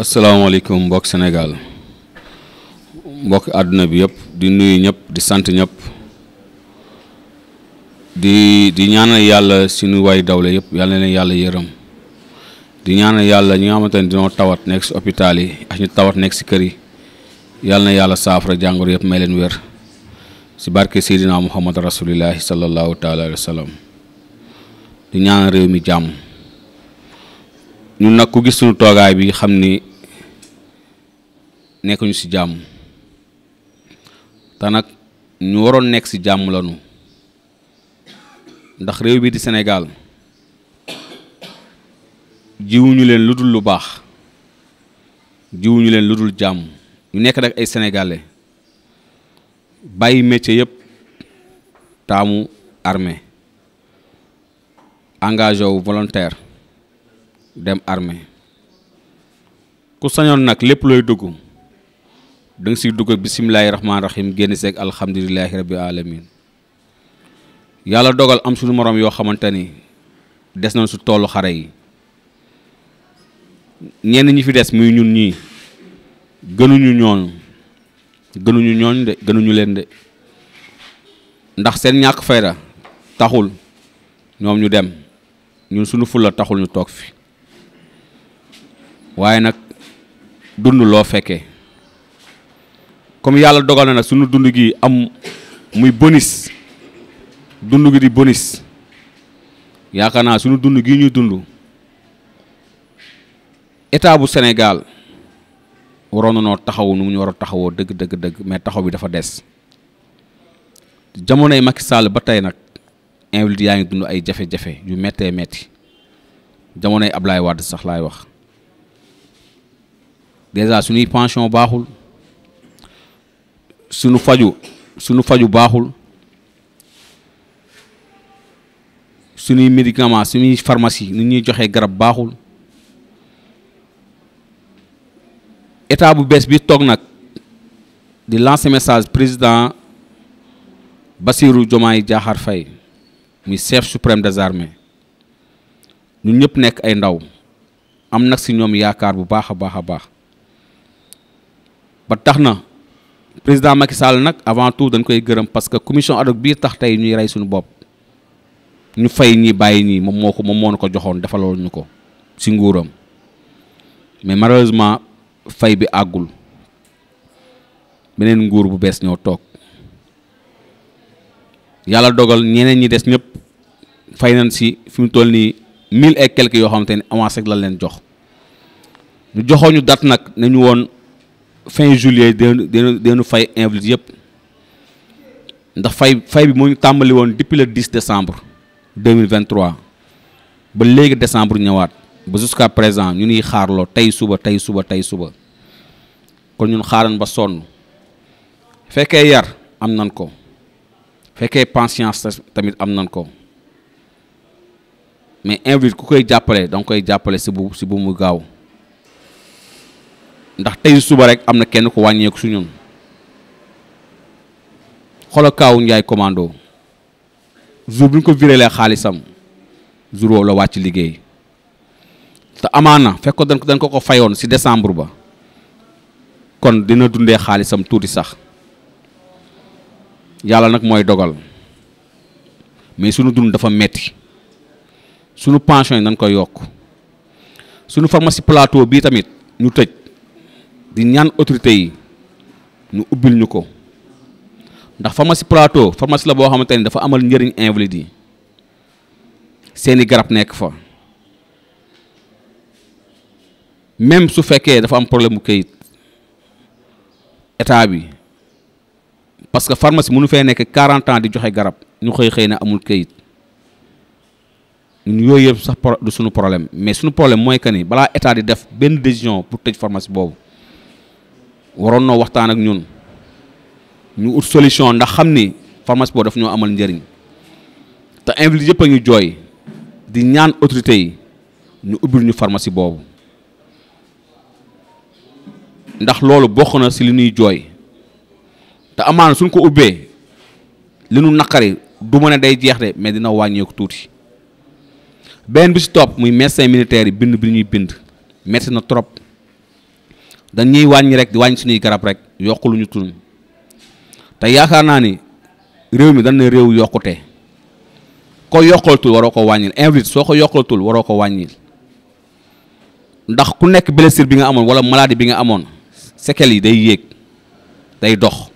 asalaamaaleykum mbokk senegaal mbokk àdduna bi yëpp di nuyu ñëpp di sant ñëpp di di ñaanal yàlla suñu way dawle yëpp yàlla na leen yàlla yërëm di ñaanal yàlla ñi nga xamante ne dinoo tawat nekk si hôpital yi ak ñu tawat nekk si kër yi yàlla na yàlla saafara jàngoro yëpp may leen wér si barke Seydina Muhammad rasulillahi sallallahu taala alayhi di ñaanal réew mi jàmm ñun nag ku gis suñu toogaay bi xam ni nekkuñu ci jàmm te nag ñu waroon nekk ci jàmm lañu ndax réew bi di Sénégal jiwuñu leen lu dul lu baax jiwuñu leen lu dul jàmm ñu nekk nag ay sénégalais bàyyi métier yëpp taamu armée engage wu volontaire dem armée ku sañoon nag lépp looy dugg da si siy dugg ak bisimilahi rahmaani rahim génn seeg alhamdulilahi rabi alamin yàlla dogal am suñu moroom yoo xamante ni des na su tollu xare yi ñenn ñi fi des muy ñun ñii gënuñu ñooñu gënuñu ñooñ de gënuñu leen de ndax seen ñàkk fayda taxul ñoom ñu dem ñun sunu fulla taxul ñu toog fi waaye nag dund loo fekkee comme yàlla dogal na nag suñu dund gi am muy bonus dund gi di bonus yaakaar naa sunu dund gi ñu dund état bu Sénégal waroon na noo taxaw nu mu ñu war a taxawoo dëgg dëgg dëgg mais taxaw bi dafa des jamonoy mag Sall ba tey nag invalide yaa ngi dund ay jafe-jafe yu méttee metti jamonoy Ablaye wàdd sax laay wax déjà suñuy pension baaxul. sunu faju sunu faju baaxul suñuy médicament suñuy pharmacie nu ñuy joxee garab baaxul état bu bees bi toog nag di lancer message président Bassirou Diomaye Diakhar Faye muy chef suprême des armées ñun ñëpp nekk ay ndaw am nag si ñoom yaakaar bu baax a baax a baax ba na président Macky Sall nag avant tout dañ koy gërëm parce que commission ad hoc bii tax tey ñuy rey suñu bopp ñu fay ñi bàyyi ñii moom moo ko moom moo ko joxoon defaloon ñu ko si nguuram mais malheureusement fay bi àggul beneen nguur bu bees ñoo toog yàlla dogal ñeneen ñi des ñëpp fay nañ si fi mu toll nii mille et quelques yoo xamante ne avancé la leen jox ñu joxoon dat nag nañu woon. fin juillet dinañu dinañu dinañu fay invalide yëpp ndax fay fay bi moo ñu tàmbali woon depuis le 10 décembre 2023 ba léegi décembre ñëwaat ba jusqu'à présent ñu nuy xaarloo tey suba tey suba tey suba kon ñun xaaran ba sonn fekkee yar am nan ko fekkee patience tamit am nan ko mais invalide ku koy jàppale danga koy jàppale si bu si bu mu gaaw ndax tey suba rek am na kenn ku wàññeeku su ñun a kaaw Njaay commando jour bi ñu ko virelee xaalisam jour woowu la wàcc liggéey te amaana fekk ko dañ ko ko fayoon ci décembre ba kon dina dundee xaalisam tuuti sax yàlla nag mooy dogal mais sunu dund dafa metti sunu pension yi nañ koy yokk sunu pharmacie plateau bii tamit ñu tëj di ñaan autorité yi ñu ubbil ñu ko ndax pharmacie plateau pharmacie la boo xamante ni dafa amal njëriñ invalide yi seeni garab nekk fa même su fekkee dafa am problème mu kayit état bi parce que pharmacie mënu fee nekk quarante ans di joxe garab ñu xëy xëy na amul kayit ñun yooyu yëpp sax du suñu problème mais suñu problème mooy que ni balaa état di def benn décision pour tëj pharmacie boobu waroon noo waxtaan ak ñun ñu ut solution ndax xam ni pharmacie boobu daf ñoo amal njëriñ te invité yëpp a ngi jooy di ñaan autorité yi ñu ubbil ñu pharmacie boobu ndax loolu bokk na ci li ñuy jooy te amaan suñ ko ubbee li nu naqari du ma ne day jeex de mais dina wàññeeku tuuti benn bi ci topp muy médecin militaire yi bind bi ñuy bind metti na trop dañ wàññi rek wàññ wàññi suñuy garab rek yokkulu ñu tuñ te yaakaar naa ni réew mi dañ ne réew yokkute ko yokkalatul waroo ko wàññil invite soo ko yokkalatul waroo ko wàññil ndax ku nekk blessure bi nga amoon wala maladie bi nga amoon séquelles yi day yéeg day dox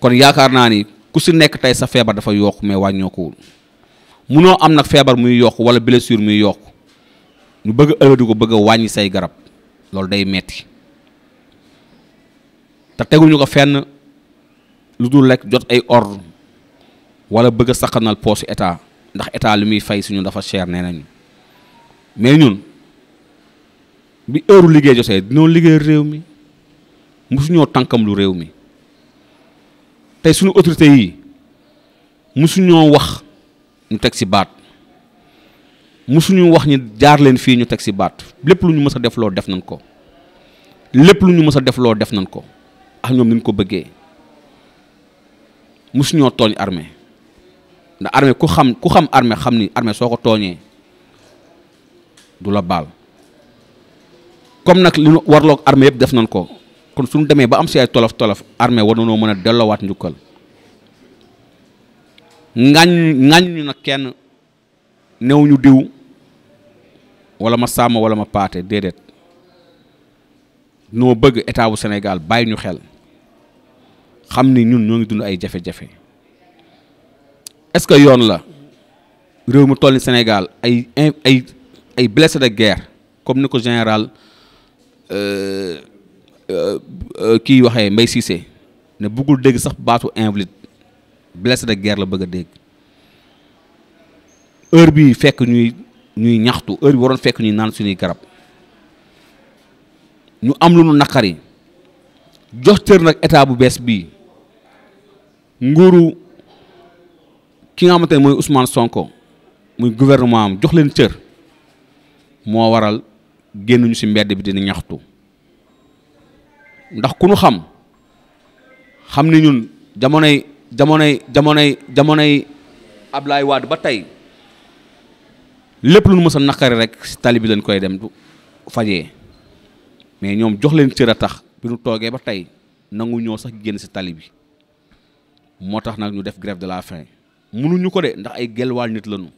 kon yaakaar naa ni ku si nekk tey sa feebar dafa yokk mais wàññookuwul munoo am nag feebar muy yokk wala blessure muy yokk ñu bëgg ëlbati ko bëgg wàññi say garab loolu day metti te teguñu ko fenn lu dul rek jot ay ordre wala bëgg a saqanal poosu état ndax état li muy fay suñu dafa cher nee nañu mais ñun bi heure liggéey jotee dinoo liggéey réew mi musuñoo tànkam lu réew mi tey suñu autorité yi musuñoo wax ñu teg ci baat musuñu wax ñi jaar leen fii ñu teg si baat lépp lu ñu mës a def loo def nañ ko lépp lu ñu mës a def loo def nañ ko ak ñoom niñ ko bëggee musuñoo tooñ armée ndax armée ku xam ku xam armée xam ni armée soo ko tooñee du la baal comme nag li warloog armée yëpp def nañ ko kon suñu demee ba am si ay tolof tolof armée war nanoo mën a delloowaat njukkal ngañ ngañ ñu nag kenn newuñu diw wala ma sàmm wala ma paate déedéet noo bëgg état bu Sénégal bàyyi ñu xel xam ni ñun ñoo ngi dund ay jafe-jafe est-ce que yoon la réew mu toll ni Sénégal ay ay ay blessés de guerre comme ni ko général euh, euh, kii waxee Mbaye Cissé ne buggul dégg sax baatu invalide blessé de guerre la bëgg a dégg. heure bii fekk ñuy ñuy ñaxtu heure bi waroon fekk ñuy naan suñuy garab ñu am lu nu naqari jox cër nag état bu bees bii nguuru ki nga xamante ne mooy Ousmane Sonko muy gouvernement am jox leen cër moo waral génnuñu ci mbedd bi dina ñaxtu ndax ku nu xam xam ni ñun jamonoy jamonoy jamonoy jamonoy Ablaye Wade ba tey lépp lu nu mës naqari rek si tali bi lañ koy dem du fajee mais ñoom jox leen cër a tax bi nu toogee ba tey nangu ñoo sax génn si tali bi moo tax nag ñu def grève de la faim mënuñu ko de ndax ay gelwaal nit lañu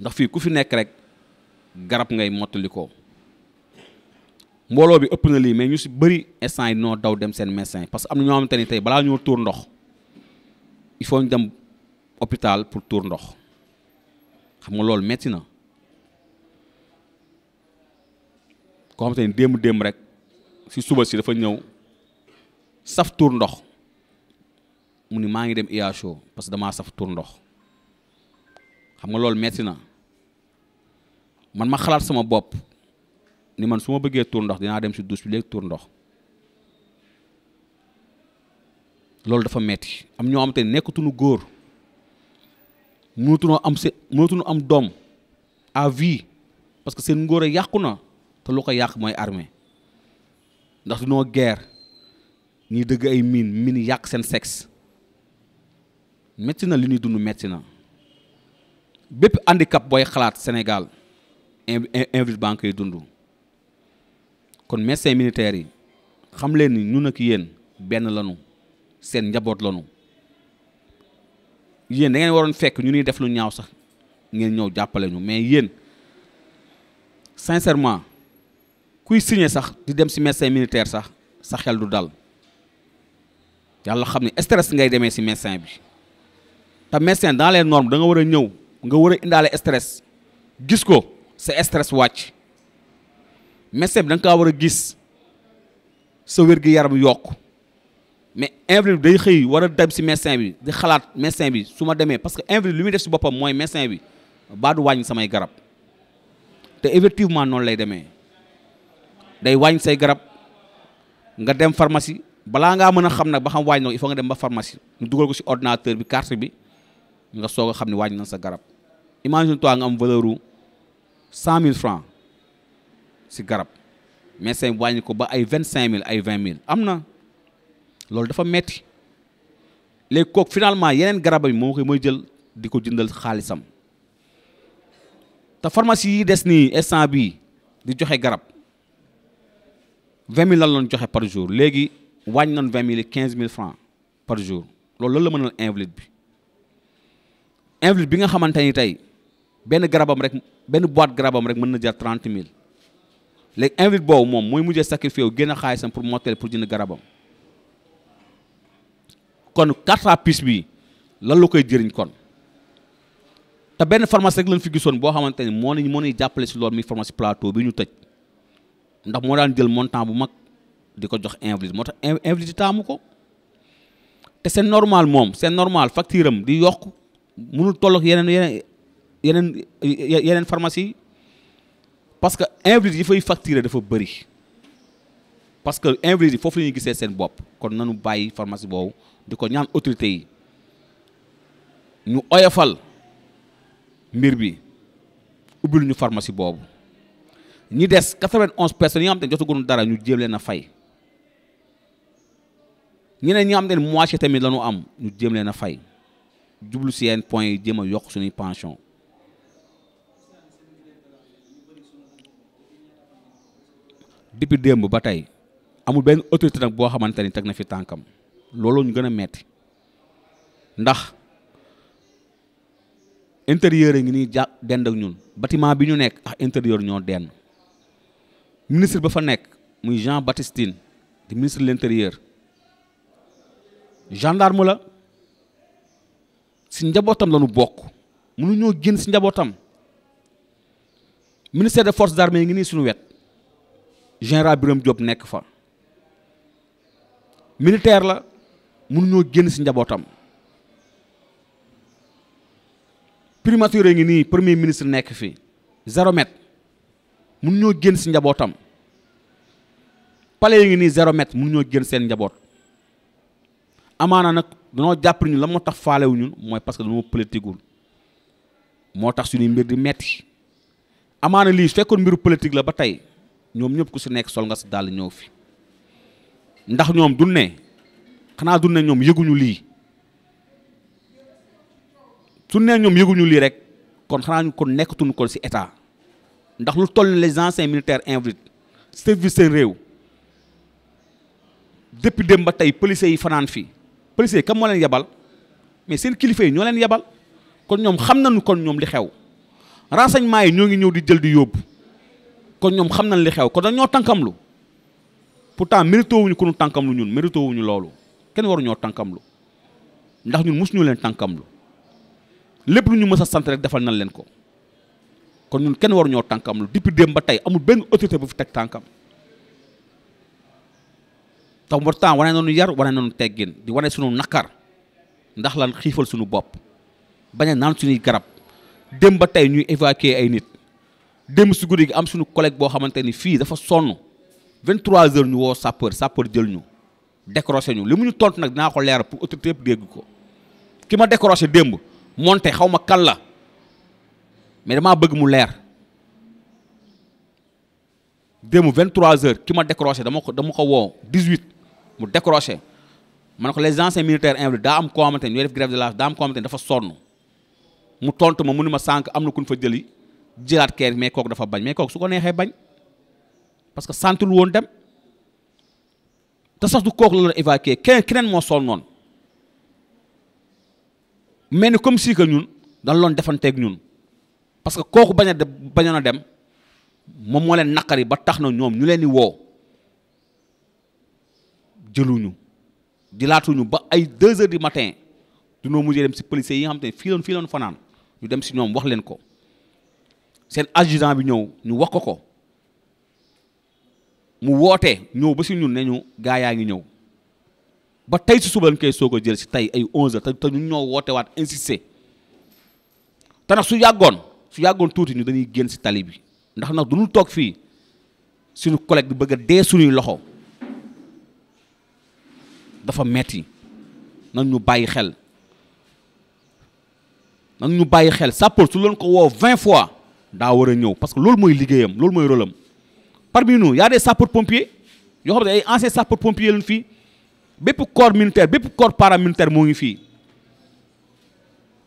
ndax fii ku fi nekk rek garab ngay mottali ko mbooloo bi ëpp na lii mais ñu si bëri instant yi noo daw dem seen médecin parce que am na ñoo xamante ni tey balaa ñoo tuur ndox il faut ñu dem hôpital pour tour ndox xam nga loolu metti na koo xam te ni démb démb rek si suba si dafa ñëw saf tuur ndox mu ni maa ngi dem IHO parce que damaa saf tuur ndox xam nga loolu metti na man ma xalaat sama bopp ni man su ma bëggee tuur ndox dinaa dem si douche bi léegi tuur ndox loolu dafa metti am ñoo xam te nekkatuñu góor mënatuñoo am se mënatuñu am doom à vie parce que seen ngóor a yàqu na te lu ko yàq mooy armée ndax du noo guerre ñuy dëgg ay miin miin yàq seen sexe métti na li ñuy dund métti na bépp handicap booy xalaat Sénégal Invite Banque yi dund kon médecins militaires yi xam leen ni ñun ak yéen benn lanu seen njaboot lanu yéen da ngeen waroon fekk ñu nuy def lu ñaaw sax ngeen ñëw jàppale ñu mais yéen sincèrement kuy signé sax di dem ci médecin militaire sax sa xel du dal yàlla xam ne stress ngay demee ci médecin bi te médecin dans les normes da nga war a ñëw nga war a indaale stress gis ko sa stress wàcc médecin bi da nga kaa war a gis sa wér-gi-yaram yokk mais invalide day xëy war a dem si médecin bi di xalaat médecin bi su ma demee parce que invalide li muy def si boppam mooy médecin bi baa du wàññi samay garab te effectivement noonu lay demee day wàññi say garab nga dem pharmacie balaa ngaa mën a xam nag ba xam wàññi na il faut nga dem ba pharmacie ñu dugal ko si ordinateur bi carte bi nga soog a xam ne wàññi na sa garab imagine toi nga am valeur u cent mille francs si garab médecin bi ko ba ay vingt cinq mille ay vingt mille am na loolu dafa metti léegi kook finalement yeneen garab yi moo koy mooy jël di ko jëndal xaalisam te pharmacie yi des nii instant bi di joxe garab vingt mille lan loon joxe par jour léegi wàññi nañ vingt mille quinze mille francs par jour loolu lan la mën a invalide bi invalide bi nga xamante ni tey benn garabam rek benn boîte garabam rek mën na jar trente mille léegi invalide boobu moom mooy mujjee sacrifice wu génn xaalisam pour motteel pour jënd garabam kon carte à puce bi lan la koy jëriñ kon te benn pharmacie rek lañ fi gisoon boo xamante ni moo nañ moo nañ jàppale si loolu mi pharmacie plateau bi ñu tëj ndax moo daan jël montant bu mag di ko jox invalide moo tax invalide taamu ko te seen normal moom seen normal facture am di yokk mënul tollook yeneen yeneen yeneen yeneen pharmacie parce que invalide yi fay facturer dafa bëri parce que invalide foofu la ñuy gisee seen bopp kon nañu bàyyi pharmacie boobu di ko ñaan autorité yi ñu oyofal mbir bi ubbil ñu pharmacie boobu ñi des 91 personnes yi nga xam ne jotaguñu dara ñu jéem leen a fay ñeneen ñi am xam te ne moitié tamit la am ñu jéem leen a fay jublu si point yi jéem a yokk suñuy pension depuis démb ba tey amul benn autorité nag boo xamante ni teg na fi tànkam looloo ñu gën a metti ndax intérieur yi ngi nii ja dend ak ñun bâtiment bi ñu nekk ak ah, intérieur ñoo denn ministre ba fa nekk muy Jean Baptiste Tine di ministre de l'intérieur gendarme la si njabootam la ñu bokk mënuñoo génn si njabootam ministère de forces armées yi ngi nii suñu wet général biram Diop nekk fa militaire la mun ñoo génn si njabootam primature ngi nii premier ministre nekk fi zéro mun mënuñoo génn si njabootam palais yi ngi nii zéro mètre mënuñoo génn seen njaboot amaana nag danoo jàpp ñu la moo tax faalewuñu mooy parce que danoo politiqueul moo tax suñuy mbir di metti amaana lii fekkoon mbiru politique la ba tey ñoom ñëpp ku si nekk sol nga si dàll ñëw fi ndax ñoom du ne xanaa du ne ñoom yëguñu lii su ne ñoom yëguñu lii rek kon xanaa ñu kon nekkatuñu kon ci état ndax lu toll les anciens militaires invalides service seen réew depuis dem ba tey policiers yi fanaan fii policiers yi kam moo leen yebal mais seen kilifa yi ñoo leen yabal kon ñoom xam nañu kon ñoom li xew renseignement yi ñoo ngi ñëw di jël di yóbbu kon ñoom xam nañ li xew kon dañoo tànkamlu pour mérito wuñu ku nu tànkam lu ñun mérito wuñu loolu kenn waruñoo tànkam lu ndax ñun mosuñu leen tànkam lépp lu ñu mës a sant rek defal na leen ko kon ñun kenn waruñoo tànkam lu depuis démb ba tey amul benn autorité bu fi teg tànkam taw ba temps wane nañu yar na nañu teggin di wane suñu naqar ndax lan xiifal suñu bopp bañ a naan suñuy garab démb ba tey ñuy évacuer ay nit démb si guddi gi am suñu collègue boo xamante ni fii dafa sonn. 23 heures ñu woo sapeur sapeur jël ñu décroché ñu li mu nu tontu nag naa ko leeral pour autorité yëpp dégg ko ki ma décroché démb monté xaw ma kan la mais damaa bëgg mu leer démb 23 heures ki ma décroché dama ko dama ko woo 18 mu décroché ma ne ko les anciens militaires invalides daa am koo xamante ni ñooy def grève de la daa am koo xamante dafa sonn mu tontu ma mu nu ma sànq am na ku fa jëli jëlaat keer mais kooku dafa bañ mais su ko neexee bañ. parce que santul woon dem te sax du kook la la évacué keneen moo sol noon mais ni comme si ñun dal loon defanteeg ñun parce que kooku bañ a dem bañoon dem moom moo leen naqari ba tax na ñoom ñu leen di woo jëluñu dilaatuñu ba ay deux heures du matin dunoo mujjee dem si policiers yi nga xam te ne fii loon fii loon fanaan ñu dem si ñoom wax leen ko seen adjudant bi ñëw ñu wax ko ko mu woote ñëw ba si ñun ne ñu gaa yaa ngi ñëw ba tey si suba lañ koy soog a jël si tey ay 11 heures te ñun ñoo woote waat insisté te nag su yàggoon su yàggoon tuuti ñu dañuy génn si tali bi ndax nag du ñu toog fii suñu collègue di bëgg a dee suñuy loxo dafa metti nan ñu bàyyi xel nan ñu bàyyi xel sàppoor su leen ko woo vingt fois daa war a ñëw parce loolu mooy liggéeyam loolu mooy rôlam parmi nous y a des sapeurs-pompiers yoo xam ne ay anciens sapeurs-pompiers lañ fii bépp corps militaire bépp corps paramilitaire moo ngi fii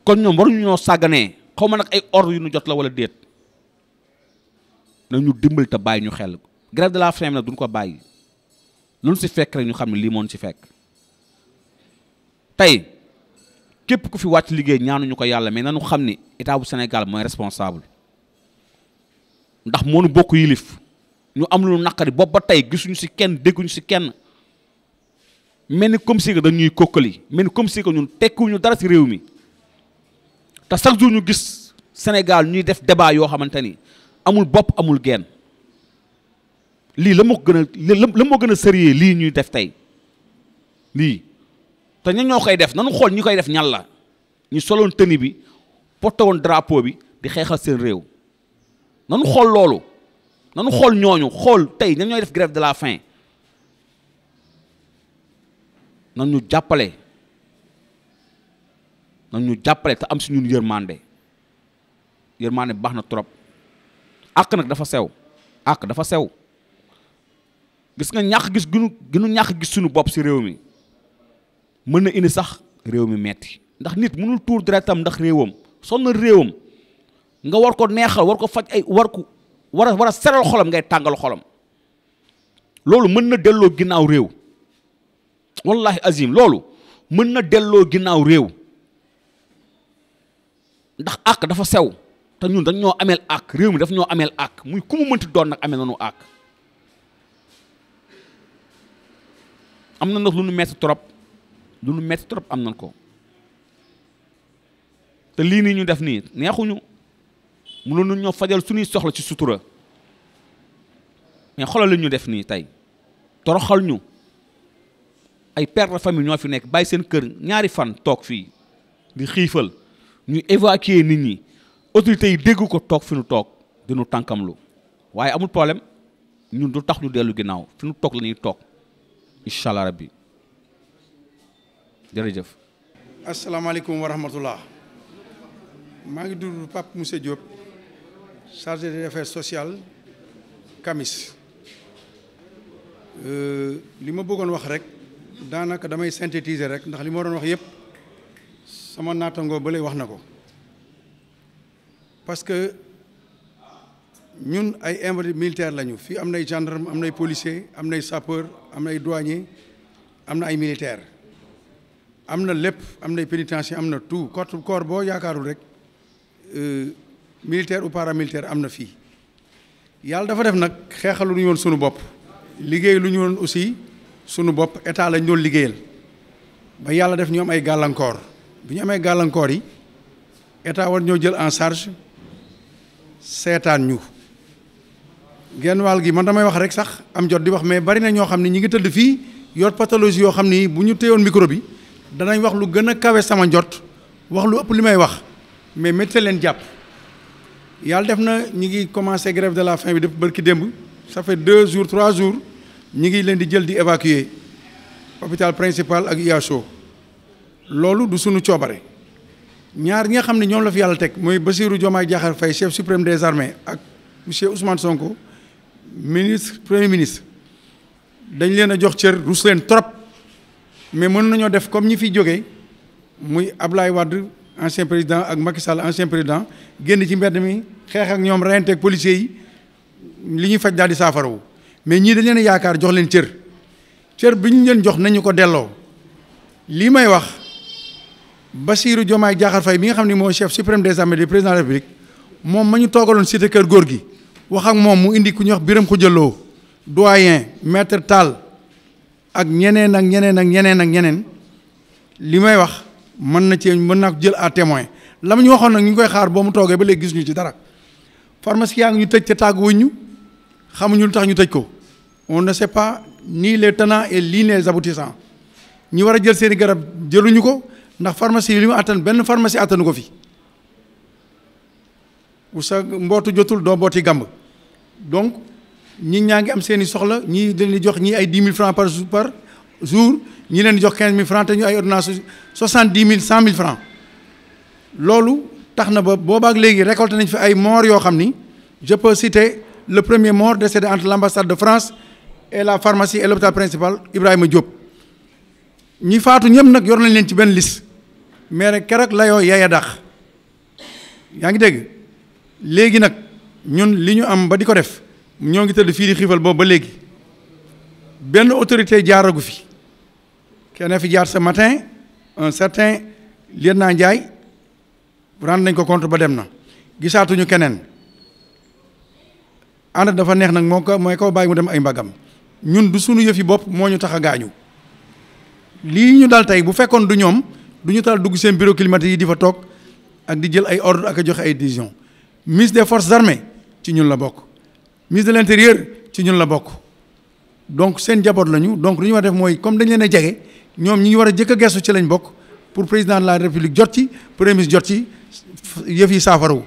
kon ñoom waruñu ñoo sàgganee xaw ma nag ay ordre yu ñu jot la wala déet nañu dimbali te bàyyi ñu xel grève de la faim nag duñ ko bàyyi luñ si fekk rek ñu xam ne lii moon si fekk tey képp ku fi wàcc liggéey ñaanuñu ko yàlla mais nañu xam ni état bu Sénégal mooy responsable ndax moonu bokk yilif ñu am lu naqari bopp ba tey gisuñu si kenn dégguñu si kenn mel ni comme si que dañuy kokkali mel ni comme si que ñun tekkuñu dara si réew mi te chaque jour ñu gis senegal ñuy def débat yoo xamante ni amul bopp amul genn lii la moo gën a la moo gën a sérieux lii ñuy def tey lii te ña ñoo koy def nanu xool ñi koy def ñan la ñu soloon tenue bi porté woon drapeau bi di xeexal seen réew nanu xool loolu nanu xool ñooñu xool tey ñan ñooy def grève de la faim nan ñu jàppale nan ñu jàppale te am si ñun yërmande yërmande baax na trop àkk nag dafa sew àkk dafa sew gis nga ñàkk gis ginu ginu ñàkk gis suñu bopp si réew mi mën na indi sax réew mi metti ndax nit mënul tuur deretam ndax réewam sonn réewam nga war ko neexal war ko faj ay war ko war wara war a xolam ngay tàngal xolam loolu mën na delloo ginnaaw réew wallahi azim loolu mën na delloo ginnaaw réew ndax àq dafa sew te ñun dañ ñoo ameel àq réew mi daf ñoo ameel àq muy ku mu mënti doon nag ameel nañu àkk am na nag lu nu metti trop lu nu metti trop am nañ ko te lii nii ñu def nii neexuñu mënoon ñoo fajal suñuy soxla ci sutura mais xoolal li ñu def nii tey toroxal ñu ay père de famille ñoo fi nekk bàyyi seen kër ñaari fan toog fii di xiifal ñu évacuer nit ñi autorités yi déggu ko toog fi nu toog dinu tànkamlu waaye amul problème ñun du tax ñu dellu ginnaaw fi nu toog la toog incha allah rabbi jërëjëf. asalaamaaleykum wa rahmatullah maa ngi dund Pape Moussa Diop. chargé des affaires sociales Kamis euh, li ma bëggoon wax rek daanaka damay synthétiser rek ndax li ma doon wax yëpp sama naatangoo ba lay wax na ko parce que ñun ay invalides militaires lañu fii am na nay gendarme am nay policier am nay sapeur am nay douanier am na ay militaire am na lépp am nay pénitencier am na tout corps corps boo yaakaarul rek euh, militaire ou paramilitaire am na fii yàlla dafa def nag xeexalu ñu woon sunu bopp liggéey lu ñu woon aussi sunu bopp état lañ doon liggéeyal ba yàlla def ñu am ay gàllankoor bi ñu amee gàllankoor yi état war ñoo jël en charge seetaan ñu genn wàll gi man damay wax rek sax am jot di wax mais bari na ñoo xam ne ñi ngi tëdd fii yor pathologie yoo xam ni bu ñu téyoon micro bi danañ wax lu gën a kawe sama njot wax lu ëpp li may wax mais métti leen jàpp yàlla def na ñu ngi commencé grève de la faim bi depuis bërki démb ça fait deux jours trois jours ñu ngi leen di jël di évacuer hôpital principal ak IHO loolu du suñu coobare ñaar ñi nga xam ne ñoom la fi yàlla teg mooy Bassirou Diomaye Diakhar Faye chef suprême des armées ak monsieur Ousmane Sonko ministre premier ministre dañ leen a jox cër rus leen trop mais mën nañoo def comme ñi fi jógee muy Ablaye Wade ancien président ak Macky Sall ancien président génn ci mbedd mi xeex ak ñoom reyante ak policiers yi li ñuy faj daldi di saafarawu mais ñii dañ leen yaakaar jox leen cër cër bi ñu leen jox nañu ko delloo lii may wax Bassirou Diomaye Diakhar fay bi nga xam ne mooy chef suprême des armées du président République moom ma ñu toogaloon cité kër góor gi wax ak moom mu indi ku ñuy wax Birame Khoudia Lo doyen maître Tall ak ñeneen ak ñeneen ak ñeneen ak ñeneen li may wax mën na cee mën naa ko jël à témoin la ñu waxoon nag ñu koy xaar boo mu toogee ba léegi gis ñu ci dara pharmacie yaa ngi ñu tëj te tàgguwuñ ñu xamuñu lu tax ñu tëj ko on ne sait pas ni les tenants et ni les aboutissants ñi war a jël seen i garab jëluñu ko ndax pharmacie yi li mu attan benn pharmacie attanu ko fi bu sa mbootu jotul doo mbooti gàmb donc ñi ñaa ngi am seen i soxla ñii dañuy jox ñii ay dix mille francs par jour par. jours ñi leen jox quinze mille francs te ñu ay ordonnance soixante dix mille cent mille francs loolu tax na ba boobaak léegi récolté nañ fi ay morts yoo xam ni je peux citer le premier mort décédé entre l'ambassade de France et la pharmacie et l'hôpital principal Ibrahima Diop ñi faatu ñëpp nag yor nañ leen ci benn liste mais rek keroog layoo yaya dax yaa ngi dégg léegi nag ñun li ñu am ba di ko def ñoo ngi tëdd fii di xiifal boobu ba léegi benn autorité jaaragu fi kenn fi jaar ce matin un certain lieutenant Ndiaye rendre nañ ko compte ba dem na gisaatuñu keneen ànd dafa neex nag moo ko mooy kaw bàyyi mu dem ay mbagam ñun du suñu yëfi bopp moo ñu tax a gaañu lii ñu dal tey bu fekkoon du ñoom duñu ñu taal dugg seen bureau climatique yi di fa toog ak di jël ay ordre ak a joxe ay décision ministre des force armées ci ñun la bokk ministre de l'intérieur ci ñun la bokk donc seen jaboot lañu donc lu ñu war def mooy comme dañ leen jege ñoom ñi ngi war a jëkk a gestu ci lañ bokk pour président de la république jot ci premier ministre jot ci yëf yi saafarawu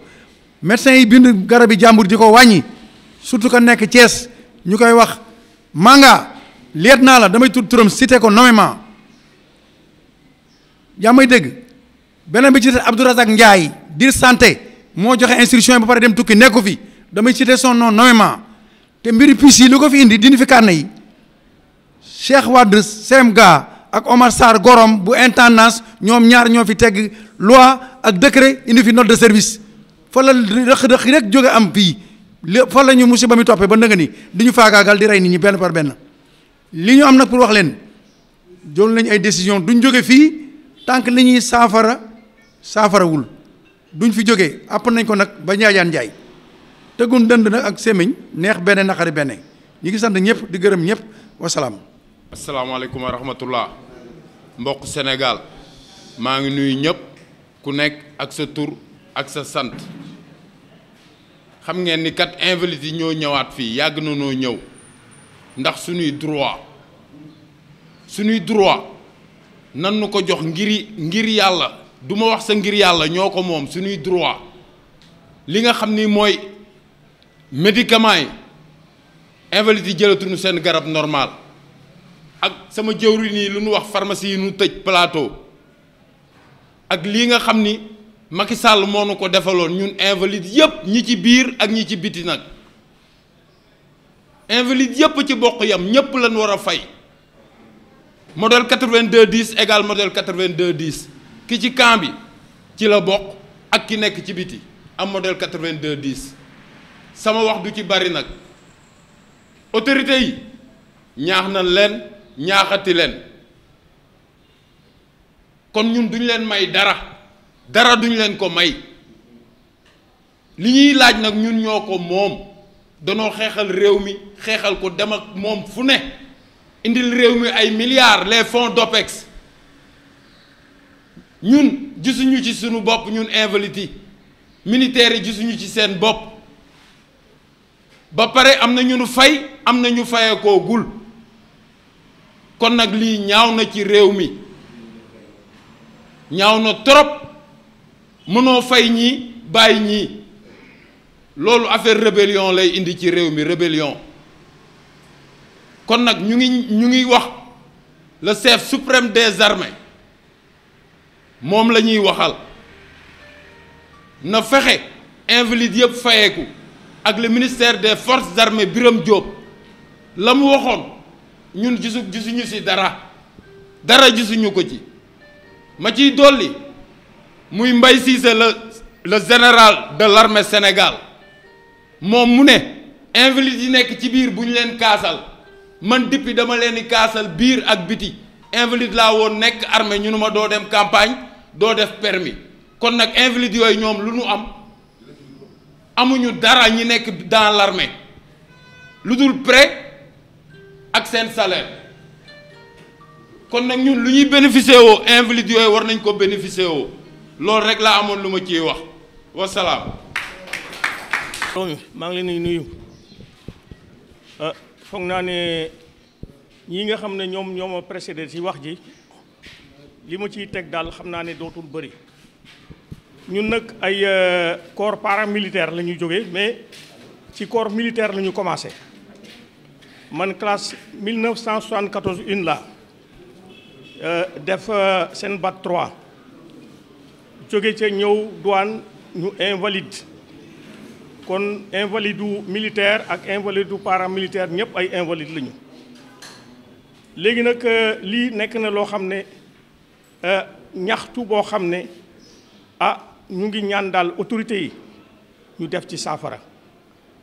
médecin yi bind garab yi jàmbur di ko wàññi surtout que nekk Thiès ñu koy wax manga leet naa la damay tudd turam cité ko nommément yaa may dégg beneen bi ci des Abdourazak Ndiaye di santé moo joxe instruction yi ba dem tukki nekku fi damay cité son nom nommément te mbiri puce yi lu ko fi indi dindi fi kànn yi Cheikh Wade CMGA ak Omar Sarr gorom bu intendance ñoom ñaar ñoo fi teg loi ak décret indi fi note de service fa la rëq-rëq jóge am fii li fa la ñu ba mi toppee ba nga ni di ñu faagaagal di rey nit ñi benn par benn li ñu am nag pour wax leen jël nañ ay décision duñ jóge fii tànk que li ñuy saafara saafarawul duñ fi jóge àpp nañ ko nag ba njaajaan njaay tëggun dënd nag ak sémmiñ neex benn naqari benn ñi ngi sant ñëpp di gërëm ñëpp wasalaam asalaamaaleykum wa rahmatullah mbokk Sénégal maa ngi nuyu ñëpp ku nekk ak sa tur ak sa sant xam ngeen ni kat invalides yi ñoo ñëwaat fii yàgg na noo ñëw ndax suñuy droit suñuy droit nan nu ko jox ngiri ngir yàlla du ma wax sa ngir yàlla ñoo ko moom suñuy droit li nga xam ni mooy médicament yi invalides yi jëlatuñu seen garab normal ak sama jëwriñ yi lu ñu wax pharmacie yi nu tëj plateau ak lii nga xam ni Macky Sall moo nu ko defaloon ñun invalides yëpp ñi ci biir ak ñi ci biti nag invalides yëpp ci bokk yam ñëpp lañ war a fay modèle 82 10 égal modèle 82 10 ki ci camp bi ci la bokk ak ki nekk ci biti am modèle 82 10 sama wax du ci bari nag autorité yi ñaax na leen. ñaaxati leen kon ñun duñ leen may dara dara duñ leen ko may li ñuy laaj nag ñun ñoo ko moom danoo xeexal réew mi xeexal ko dem ak moom fu ne indil réew mi ay milliards les fonds d'OPEX ñun gisuñu ci sunu bopp ñun invalides yi militaires yi gisuñu ci seen bopp ba pare am na ñu nu fay am na ñu fayee koo gul kon nag lii ñaaw na ci réew mi ñaaw na trop mënoo fay ñii bàyyi ñii loolu affaire rébellion lay indi ci réew mi rébellion kon nag ñu ngi ñu ngi wax le chef suprême des armées moom la ñuy waxal na fexe invalides yëpp fayeeku ak le ministère des forces armées biram Diop la mu waxoon ñun gisu gisuñu ci dara dara gisuñu ko ci ma ciy dolli muy Mbaye Cissé la le général de larme senegal moom mu ne invalides yi nekk ci biir bu ñu leen kaasal man depuis dama leen di kaasal biir ak biti invalide laa woon nekk arme ñunu ma doo dem campagne doo def permis kon nag invalide yooyu ñoom lu ñu am amuñu dara ñi nekk dans l'armée lu dul prêt ak seen salaire kon nag ñun lu ñuy bénéficié woo invalide yooyu war nañ ko bénéficié woo loolu rek laa amoon lu ma ciy wax wasalaam. maa ngi leen di nuyu ah, foog naa ne ñi nga xam ne ñoom ñoo ma précédé ci wax ji li ma ciy teg daal xam naa ne dootul bëri ñun nag ay euh, corps paramilitaire la ñuy jóge mais ci corps militaire la ñu commencé. man classe 1974 une la euh, def euh, seen bac 3 jóge ca ñëw douane ñu invalide kon invalide u militaire ak invalide u paramilitaire ñëpp ay invalide lañu léegi nag euh, lii nekk na loo xam ne ñaxtu boo xam ne ah ñu ngi ñaan daal autorité yi ñu def ci saafara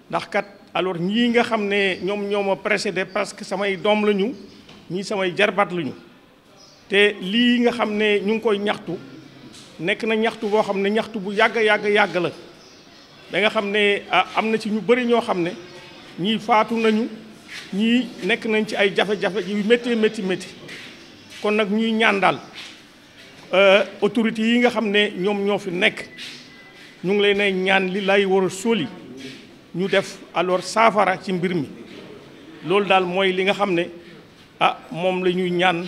ndax kat alors ñii nga xam ne ñoom ñoo ma précédé parce que samay doom lañu ñii samay jarbaat lañu te lii nga xam ne ñu ngi koy ñaxtu nekk na ñaxtu boo xam ne ñaxtu bu yàgg yàgg yàgg la danga xam ne ah, am na ci ñu bëri ñoo xam ne ñii faatu nañu ñii nekk nañ ci ay jafe-jafe yu métti métti métti kon nag ñuy ñaan daal euh, autorités yi nga xam ne ñoom ñoo fi nekk ñu ngi leen ay ñaan li lay war a ñu def alors saafara ci mbir mi loolu daal mooy li nga xam ne ah moom la ñuy ñaan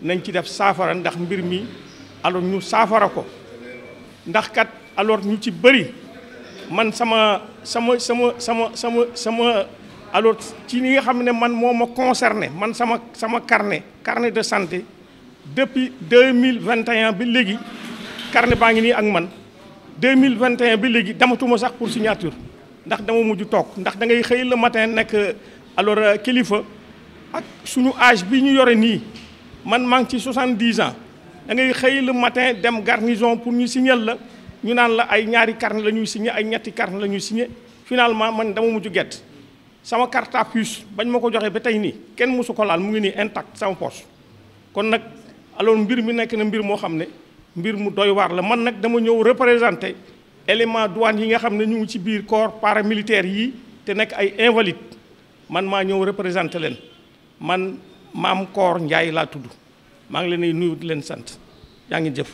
nañ ci def saafara ndax mbir mi alors ñu saafara ko ndax kat alors ñu ci bëri man sama sama sama sama sama sama alors ci li nga xam ne man moo ma concerné man sama sama carnet carnet de santé depuis deux mille vingt et un bi léegi carnet baa ngi nii ak man deux mille vingt et bi léegi damatuma sax pour signature ndax dama mujj toog ndax da ngay xëy la matin nekk alors euh, kilifa ak suñu age bi ñu yore nii man maa ngi ci soixante-dix ans da ngay xëy le matin dem garnison pour ñu signal la ñu naan la ay ñaari carnet la ñuy signé ay ñetti carnet la ñuy signé finalement man dama mujj gett sama carte à puce bañ ma ko joxee ba tey nii kenn mosu ko laal mu ngi nii intact sama poche kon nag alors mbir mi nekk na mbir moo xam ne mbir mu doy waar la man nag dama ñëw représenté élément douane yi nga xam ne ñu ngi ci biir corps paramilitaire yi te nekk ay invalide man maa ñëw représenté leen man maam Koor Njaay laa tudd maa ngi leen di nuyu di leen sant yaa ngi jëf